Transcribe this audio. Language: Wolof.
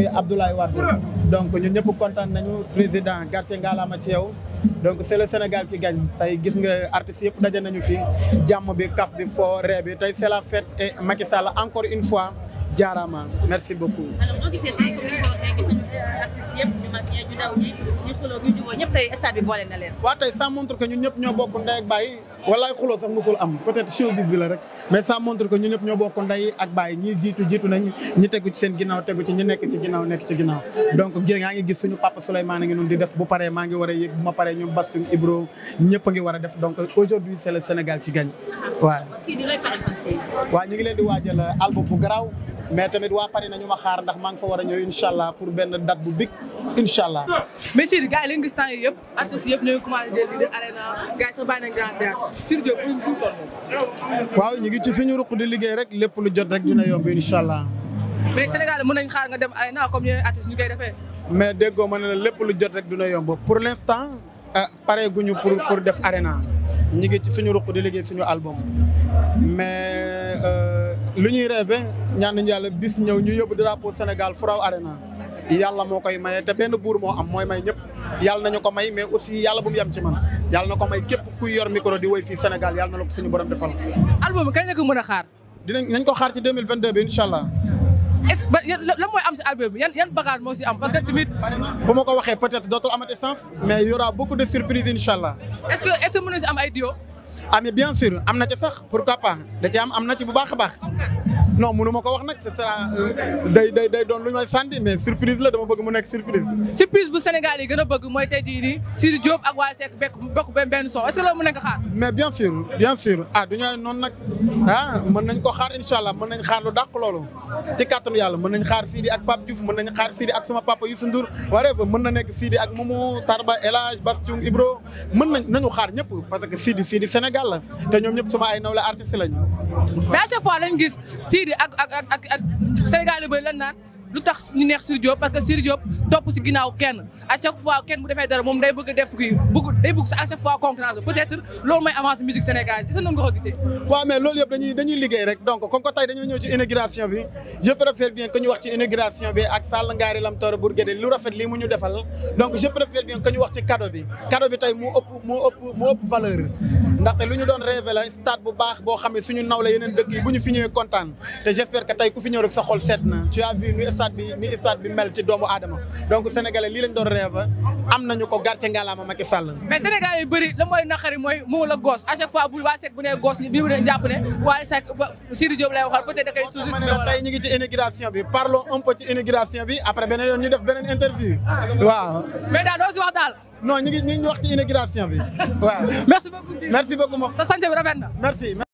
muy Abdoulaye Wade donc ñun ñëpp kontaan nañu président gàcce ngaalaama ci yow donc c'est le Sénégal qui gagne tey gis nga artistes yëpp daje nañu fi jàmm bi kaf bi foo ree bi tey c'est la fête et Macky Sall encore une fois jaaraama merci beaucoup. alors boo gisee tey comme ko ñu ñëpp ñoo bokk ndey ak baay walaay xuloo sax musul am peut-être showbiz bi la rek mais ça montre que ñëpp ñoo bokk ak baay ñii jiitu jiitu nañ ñi tegu ci seen ginnaaw tegu ci ñi nekk ci ginnaaw nekk ci ginnaaw donc aa ngi gis suñu papa Souleymane a ngi noonu di def bu paree maa ngi war a yëg bu ma paree ñoom Bastoum Ibro ñëpp ngi war a def donc aujourd'hui c'est le Sénégal ci gagne ah, waaw waaw ngi leen di waajal album bu garaaw mais tamit waa Paris nañu ma xaar ndax maa ngi fa war a ñëw incha allah benn date bu big incha allah. mais Sidi gars yi lañu gis temps yii yëpp yëpp ñooy commencé di di arena gars yi sax bàyyi nañ fu mu waaw ñu ngi ci suñu ruq di liggéey rek lépp lu jot rek dina yomb incha mais Sénégal mën nañ xaar nga dem arena comme yeneen artistes ñu koy defee. mais déggoo ma ne la lépp lu jot rek dina yomb pour l' instant euh, pare guñu pour pour def arena ñu ngi ci suñu ruq di liggéey suñu album mais. Euh, lu ñuy rêvé ñaan nañu yàlla bis ñëw ñu yóbbu drapeau Sénégal Furaw Arena yàlla moo koy maye te benn buur moo am mooy may ñëpp yàlla ñu ko may mais aussi yàlla bu mu yem ci man yàlla na ko may képp kuy yor micro di woy la ko suñu borom defal. album kañ la ko mën a xaar. dinañ nañ ko xaar ci deux mille vingt deux bi incha allah. est mooy am si album yan yan moo si am parce que tamit. bu ma ko waxee peut-être dootul amati sens. mais y aura de surprises incha allah. est que est-ce si am ay duo am ah, bien sûr am na ci sax pourquoi pas da ci am am na ci bu baax a baax non mënu ma ko wax nag ce sera euh, day day day doon lu ñu may sànni mais surprise la dama bëgg mu nekk surprise. surprise bu Sénégal yi gën a bëgg mooy tey jii nii Sidy ak Wally Seck bekk benn benn son est loolu mën nañ ko xaar. mais bien sûr bien sûr ah du ñu noonu nag ah mën nañ ko xaar nañ xaar lu dàq loolu ci kàttanu yàlla mën nañ xaar Sidy ak Pape Diouf mën nañ xaar Sidy ak sama papa Youssou Ndour waree ba mën na nekk Sidy ak Momo Tarba El Hadj Ibro mën nañu xaar ñëpp parce que Sidy Sidy Sénégal la te ñoom ñëpp sama ay nawle artiste lañu Siri ak ak ak ak ak Sénégal yu lan naan lu tax ñu neex Siri Diop parce que Siri Diop topp si ginnaaw kenn à chaque fois kenn bu defee dara moom day bëgg def kii bëgg day bëgg à chaque fois concurrence loolu mooy avancé musique sénégalaise est-ce nga ko gisee. waaw mais loolu yëpp dañuy liggéey rek donc comme que tey dañoo ñëw ci inauguration bi je préfère bien que ñu wax ci inauguration bi ak Sall Ngaari Lam Toor Bourguédé lu rafet lii mu ñu defal donc je préfère bien wax ci cadeau bi cadeau bi moo ëpp moo ëpp moo ëpp ndaxte lu ñu doon rêvé la stade bu baax boo xam ne suñu naw la yeneen dëkk yi bu ñu fi kontaan te j'espère que tey ku fi rek sa xol seet na tu as vu ni stade bi mel ci doomu aadama donc sénégalais lii lañ doon rêvé am nañu ko gàcce ngalaama Macky Sall mais sénégalais yu bëri la mooy naqari mooy mu la goos à chaque fois bu waa Seck bi mu ne jàpp ne waa Seck Sidi Diop lay waxal peut être da koy sous-estimé tey ñu ngi ci inauguration bi parlons un non ñu ngi ñu ngi wax ci immigration bi waaw. merci beaucoup merci beaucoup moom. sa sant bi rafet na merci.